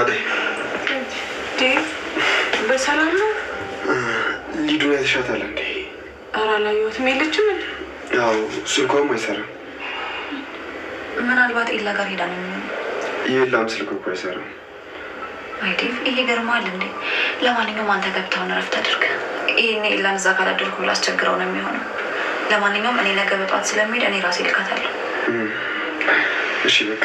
አደይ በሰላም ነው? ሊዱ ያተሻታል እንዴ? ኧረ አላየሁትም። የለችም? አዎ ስልኳም አይሰራም። ምናልባት ኤላ ጋር ሄዳ ነው። የላም ስልክ እኮ አይሰራም። አይ ዴቭ፣ ይሄ ገርማል እንዴ። ለማንኛውም አንተ ገብታውን እረፍት አድርግ። ይሄን ኤላን እዛ ካላደርኩ ላስቸግረው ነው የሚሆነው። ለማንኛውም እኔ ነገ በጠዋት ስለሚሄድ እኔ ራሴ ልካታለሁ። እሺ በቃ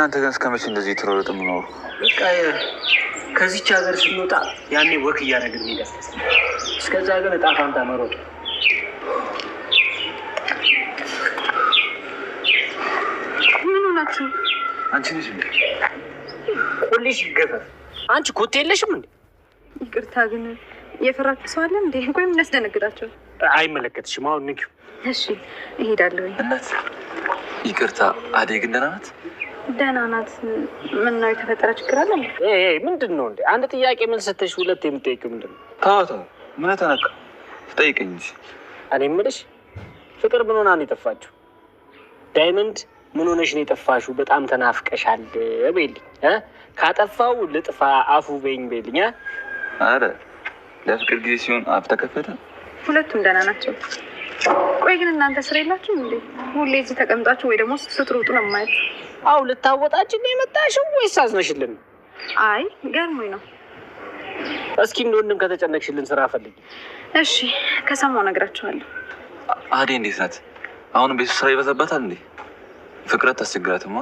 እናንተ ጋር እስከ መቼ እንደዚህ የተሮረጥ የምኖሩ? በቃ ከዚች ሀገር ስንወጣ ያኔ ወክ እያደረግን ሄደ። እስከዛ ሀገር እጣ ፋንታ መሮጥ ምን ሆናችሁ? አንቺ ነሽ ቁልሽ ይገፈፍ። አንቺ ኮት የለሽም እንዴ? ይቅርታ ግን የፈራችሁ ሰው አለ እንዴ? እንኳ ምን ያስደነግጣቸው? አይመለከትሽም። አሁን ንኪው። እሺ እሄዳለሁ። እናት ይቅርታ። አደይ ግን ደህና ናት? ደህና ናት። ምን ነው የተፈጠረ ችግር አለ? ምንድን ነው እንዴ? አንድ ጥያቄ ምን ስትሽ ሁለት የምጠይቂው ምንድን ነው? ታዋት ነው ምን ተነካ? ትጠይቀኝ እንጂ እኔ የምልሽ ፍቅር ምን ሆና ነው የጠፋችው? ዳይመንድ ምን ሆነሽ ነው የጠፋሽው? በጣም ተናፍቀሻል በይልኝ። ካጠፋው ልጥፋ አፉ በይኝ በይልኝ። አረ ለፍቅር ጊዜ ሲሆን አፍ ተከፈተ። ሁለቱም ደህና ናቸው። ቆይ ግን እናንተ ስራ የላችሁም እንዴ? ሁሌ እዚህ ተቀምጣችሁ ወይ ደግሞ ስትሮጡ ነው የማየት አው ልታወጣችን የመጣሽው ወይስ አዝነሽልን? አይ ገርሞኝ ነው። እስኪ እንደወንድም ከተጨነቅሽልን ስራ ፈልጊ። እሺ ከሰማው ነግራችኋለሁ። አዴ እንዴት ናት? አሁን ቤቱ ስራ ይበዛባታል እንዴ? ፍቅረት ታስቸግራትማ።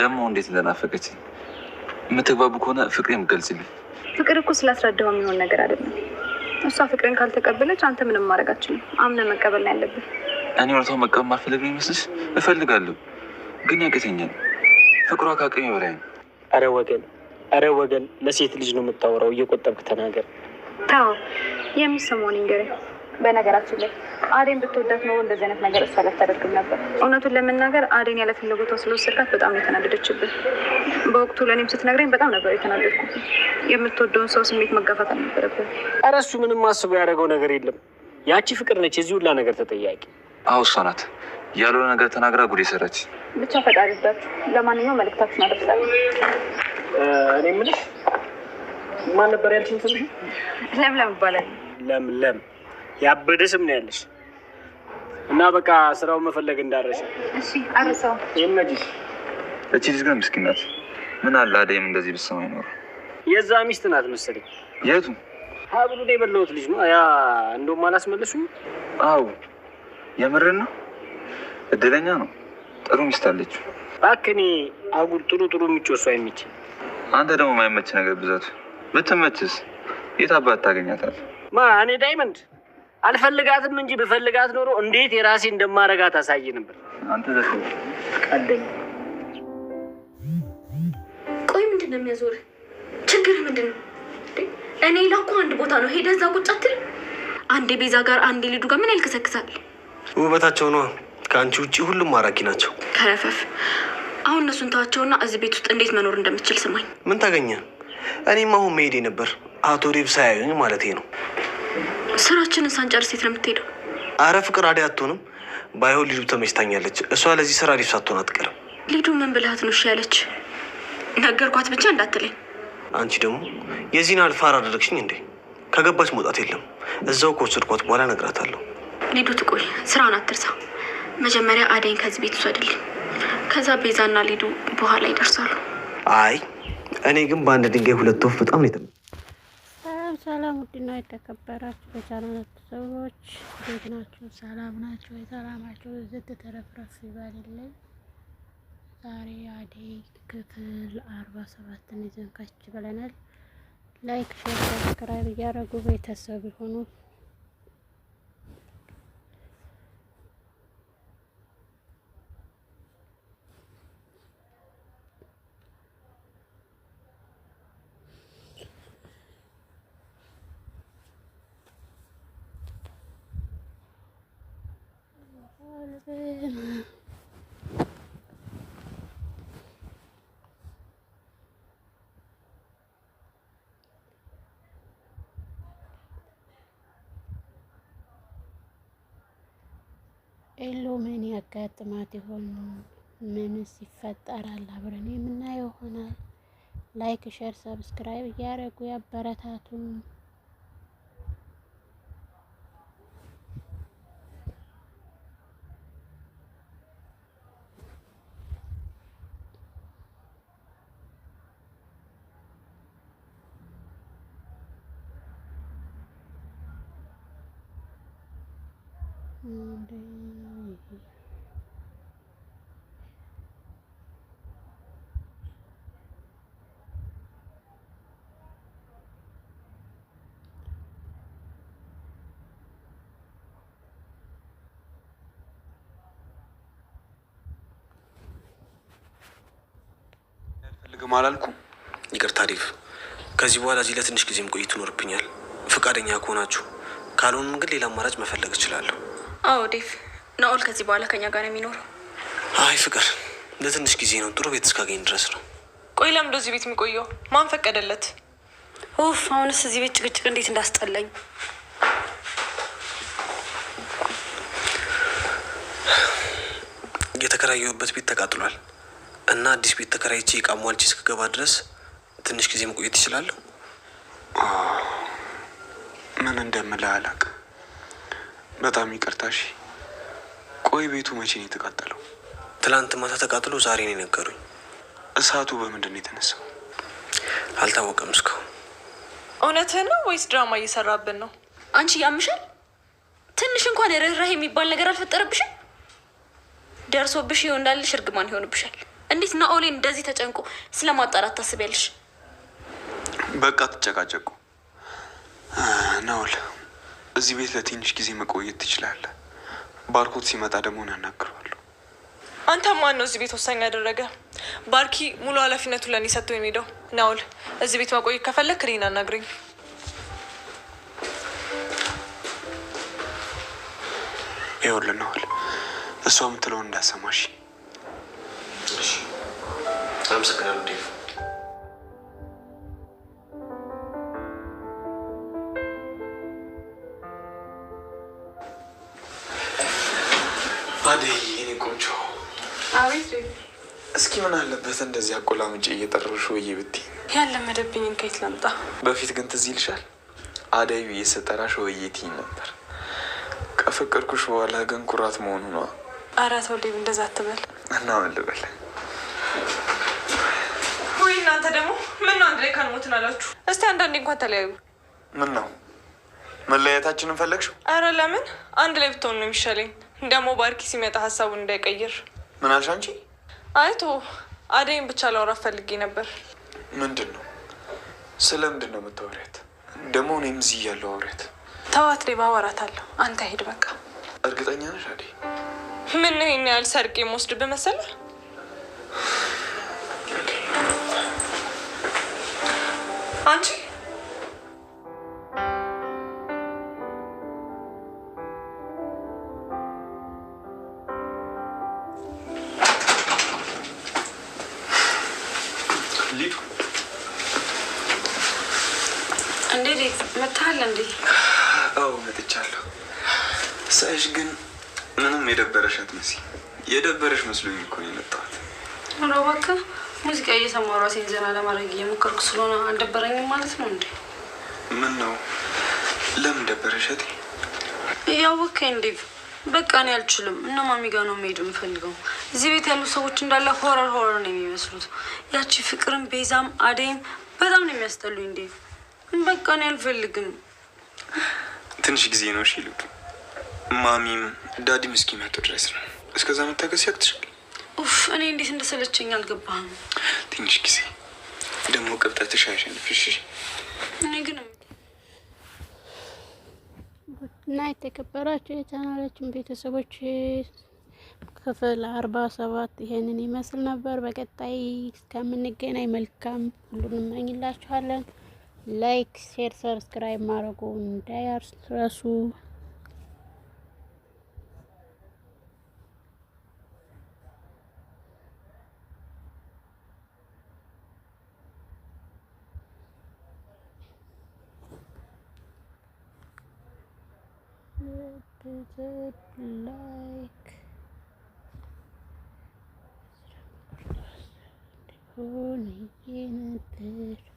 ደግሞ እንዴት እንደናፈቀች የምትግባቡ ከሆነ ፍቅሬ የምገልጽልኝ። ፍቅር እኮ ስላስረዳው የሚሆን ነገር አይደለም። እሷ ፍቅርን ካልተቀበለች አንተ ምንም ማድረጋችን ነው አምነ መቀበል ነው ያለብን። እኔ እውነታውን መቀበል ማልፈልግ ነው ይመስልሽ? እፈልጋለሁ ግን ያቅተኛል። ፍቅሯ ከአቅሜ በላይ ነው። አረ ወገን፣ አረ ወገን፣ ለሴት ልጅ ነው የምታወራው። እየቆጠብክ ተናገር። ታው የሚሰማውን ንገረኝ። በነገራችን ላይ አዴን ብትወዳት ነው እንደዚህ አይነት ነገር እሷ ላታደርግም ነበር። እውነቱን ለመናገር አዴን ያለ ፍላጎቷ ስለወሰድካት በጣም የተናደደችብን። በወቅቱ ለእኔም ስትነግረኝ በጣም ነበር የተናደድኩ። የምትወደውን ሰው ስሜት መጋፋት አልነበረብን። እረ እሱ ምንም አስቦ ያደረገው ነገር የለም። ያቺ ፍቅር ነች የዚህ ሁላ ነገር ተጠያቂ። አዎ እሷ ናት። ያለው ነገር ተናግራ ጉድ የሰራች ብቻ ፈጣሪበት። ለማንኛውም መልእክታችን አደርሳለሁ። እኔ የምልሽ ማን ነበር ያልሽኝ? ስምሽ ለምለም ይባላል። ለምለም ያበደ ስም ነው ያለሽ። እና በቃ ስራው መፈለግ እንዳረሽ። እሺ አረሳው። ይመጂሽ እቺ ልጅ ግን ምስኪን ናት። ምን አለ አደይም እንደዚህ ብሰማ አይኖር። የዛ ሚስት ናት መሰለኝ። የቱ ሀብሉ የበላሁት ልጅ ነው ያ። እንደውም አላስመለሱኝ። አዎ የምርን ነው እድለኛ ነው። ጥሩ ሚስት አለች። እባክህ አጉል ጥሩ ጥሩ የሚጮሱ አይመችም። አንተ ደግሞ ማይመች ነገር ብዛት። ብትመችስ የት አባት ታገኛታል? ማ እኔ ዳይመንድ አልፈልጋትም እንጂ ብፈልጋት ኖሮ እንዴት የራሴ እንደማረጋ ታሳይ ነበር። አንተ ዘ ቀደኝ። ቆይ ምንድን ነው የሚያዞር? ችግር ምንድን ነው? እኔ ላኩ አንድ ቦታ ነው ሄደ፣ እዛ ቁጭ አትልም? አንዴ ቤዛ ጋር አንዴ ልዱ ጋር ምን ያልከሰክሳል? ውበታቸው ነዋ ከአንቺ ውጭ ሁሉም ማራኪ ናቸው። ከረፈፍ አሁን እነሱን ተዋቸውና እዚህ ቤት ውስጥ እንዴት መኖር እንደምችል ስማኝ። ምን ታገኘ? እኔም አሁን መሄዴ ነበር፣ አቶ ሪብ ሳያዩኝ ማለት ነው። ስራችንን ሳንጨርስ የት ነው የምትሄደው? አረ ፍቅር አደይ አትሆንም። ባይሆን ሊዱ ተመችታኛለች። እሷ ለዚህ ስራ ሪብ ሳትሆን አትቀርም። ሊዱ ምን ብልሃት ነው? ያለች ነገርኳት ብቻ እንዳትለኝ። አንቺ ደግሞ የዚህን አልፋር አደረግሽኝ እንዴ? ከገባች መውጣት የለም። እዛው ከወሰድኳት በኋላ እነግራታለሁ። ሊዱ ትቆይ፣ ስራን አትርሳ። መጀመሪያ አደይን ከዚህ ቤት ውሰድልኝ፣ ከዛ ቤዛና ሊዱ በኋላ ይደርሳሉ። አይ እኔ ግን በአንድ ድንጋይ ሁለት ወፍ በጣም ነው። ሰላም ሰላም፣ ውድና የተከበራችሁ በቻናላችሁ ሰዎች እንዴት ናችሁ? ሰላም ናቸው የሰላማቸው ዝት ተረፍረፍ ይበልልኝ። ዛሬ አደይ ክፍል አርባ ሰባትን ይዘን ከች ብለናል። ላይክ፣ ሼር፣ ሰብስክራይብ እያደረጉ ቤተሰብ ይሆኑ። ኤሎ ምን ያጋጥማት ይሆን? ምንስ ይፈጠራል? አብረን የምናየው ይሆናል። ላይክ፣ ሼር፣ ሰብስክራይብ እያደረጉ ያበረታቱን። ፈልግም አላልኩም። ይቅርታ ሪፍ፣ ከዚህ በኋላ እዚህ ለትንሽ ጊዜም ቆይት ይኖርብኛል፣ ፈቃደኛ ከሆናችሁ ካልሆንም ግን ሌላ አማራጭ መፈለግ እችላለሁ። አዎ ዴፍ፣ ናኦል ከዚህ በኋላ ከኛ ጋር ነው የሚኖረው። አይ ፍቅር፣ ለትንሽ ጊዜ ነው፣ ጥሩ ቤት እስካገኝ ድረስ ነው። ቆይ ለምዶ እዚህ ቤት የሚቆየው ማን ፈቀደለት? ኡፍ፣ አሁንስ እዚህ ቤት ጭቅጭቅ እንዴት እንዳስጠላኝ። የተከራየሁበት ቤት ተቃጥሏል እና አዲስ ቤት ተከራይቼ እቃ ሟልቼ እስክገባ ድረስ ትንሽ ጊዜ መቆየት ይችላለሁ። ምን እንደምልህ አላውቅም። በጣም ይቀርታሽ ቆይ ቤቱ መቼ ነው የተቃጠለው? ትላንት ማታ ተቃጥሎ ዛሬ ነው የነገሩኝ። እሳቱ በምንድን ነው የተነሳው? አልታወቀም እስካሁን። እውነትህን ነው ወይስ ድራማ እየሰራብን ነው? አንቺ ያምሻል። ትንሽ እንኳን ርኅራኄ የሚባል ነገር አልፈጠረብሽም። ደርሶብሽ ይሆን እንዳልሽ እርግማን ይሆንብሻል። እንዴት ናኦሌ እንደዚህ ተጨንቆ ስለማጣራት ታስቢያለሽ? በቃ ትጨቃጨቁ ናኦል እዚህ ቤት ለትንሽ ጊዜ መቆየት ትችላለህ። ባርኮት ሲመጣ ደግሞ እናናግረዋለሁ። አንተ ማን ነው እዚህ ቤት ወሳኝ ያደረገ? ባርኪ ሙሉ ኃላፊነቱ ለእኔ ሰጥቶ የሚሄደው ናውል። እዚህ ቤት መቆየት ከፈለክ እኔን አናግረኝ። ይኸውልህ ናውል፣ እሷ የምትለውን እንዳሰማሽ። አመሰግናለሁ ዴቭ። እንደዚህ አቆላምጭ እየጠረሹ ብዬ ያለ መደብኝ ከየት ላምጣ? በፊት ግን ትዝ ይልሻል አደይ ብዬ ስጠራሽ ነበር። ከፈቀድኩሽ በኋላ ግን ኩራት መሆኑ ነዋ። ኧረ ተው እንደዛ አትበል እና መልበል ወይ እናንተ ደግሞ ምን ነው አንድ ላይ ካልሞትን አላችሁ? እስቲ አንዳንዴ እንኳን ተለያዩ። ምን ነው መለያየታችንን ፈለግሽው? አረ ለምን አንድ ላይ ብትሆን ነው የሚሻለኝ። ደግሞ ባርኪ ሲመጣ ሀሳቡን እንዳይቀይር። ምን አልሽ አንቺ? አይቶ አደይም ብቻ ላውራት ፈልጌ ነበር። ምንድን ነው? ምንድን ነው የምታወሪያት? ደግሞ እኔም እዚህ እያለሁ አውሪያት። ተዋት ዴ ባወራታለሁ። አንተ ሄድ በቃ። እርግጠኛ ነሽ አደይ? ምን ነው ይህን ያህል ሰርቅ የምወስድ መሰለህ? አንቺ መጥተሃል እንዴ? አዎ መጥቻለሁ። ሳይሽ ግን ምንም የደበረሽ አትመስይ። የደበረሽ መስሎኝ እኮ ነው የመጣሁት። ኧረ እባክህ ሙዚቃ እየሰማሁ ራሴን ዘና ለማድረግ እየሞከርኩ ስለሆነ አልደበረኝም ማለት ነው እንዴ? ምን ነው ለምን ደበረሽ እህቴ? ያወቅኸኝ እንዴ? በቃ እኔ አልችልም። እነ ማሚ ጋር ነው መሄድ የምፈልገው። እዚህ ቤት ያሉ ሰዎች እንዳለ ሆረር ሆረር ነው የሚመስሉት። ያቺ ፍቅርም ቤዛም አደይም በጣም ነው የሚያስጠሉኝ እንዴ በቃ እኔ አልፈልግም። ትንሽ ጊዜ ነው። እሺ ልብ ማሚም ዳዲም እስኪመጡ ድረስ ነው። እስከዛ መታገስ ያቅትሻል። ኡፍ እኔ እንዴት እንደሰለቸኝ አልገባህም። ትንሽ ጊዜ ደግሞ ቅብጠትሽ አያሸንፍሽ። እኔ ግን እና የተከበራችሁ የቻናላችን ቤተሰቦች ክፍል አርባ ሰባት ይሄንን ይመስል ነበር። በቀጣይ እስከምንገናኝ መልካም ሁሉንም እመኝላችኋለን። ላይክ፣ ሼር፣ ሰብስክራይብ ማድረጉ እንዳያረሱ። ላይክ ሆነ ነበር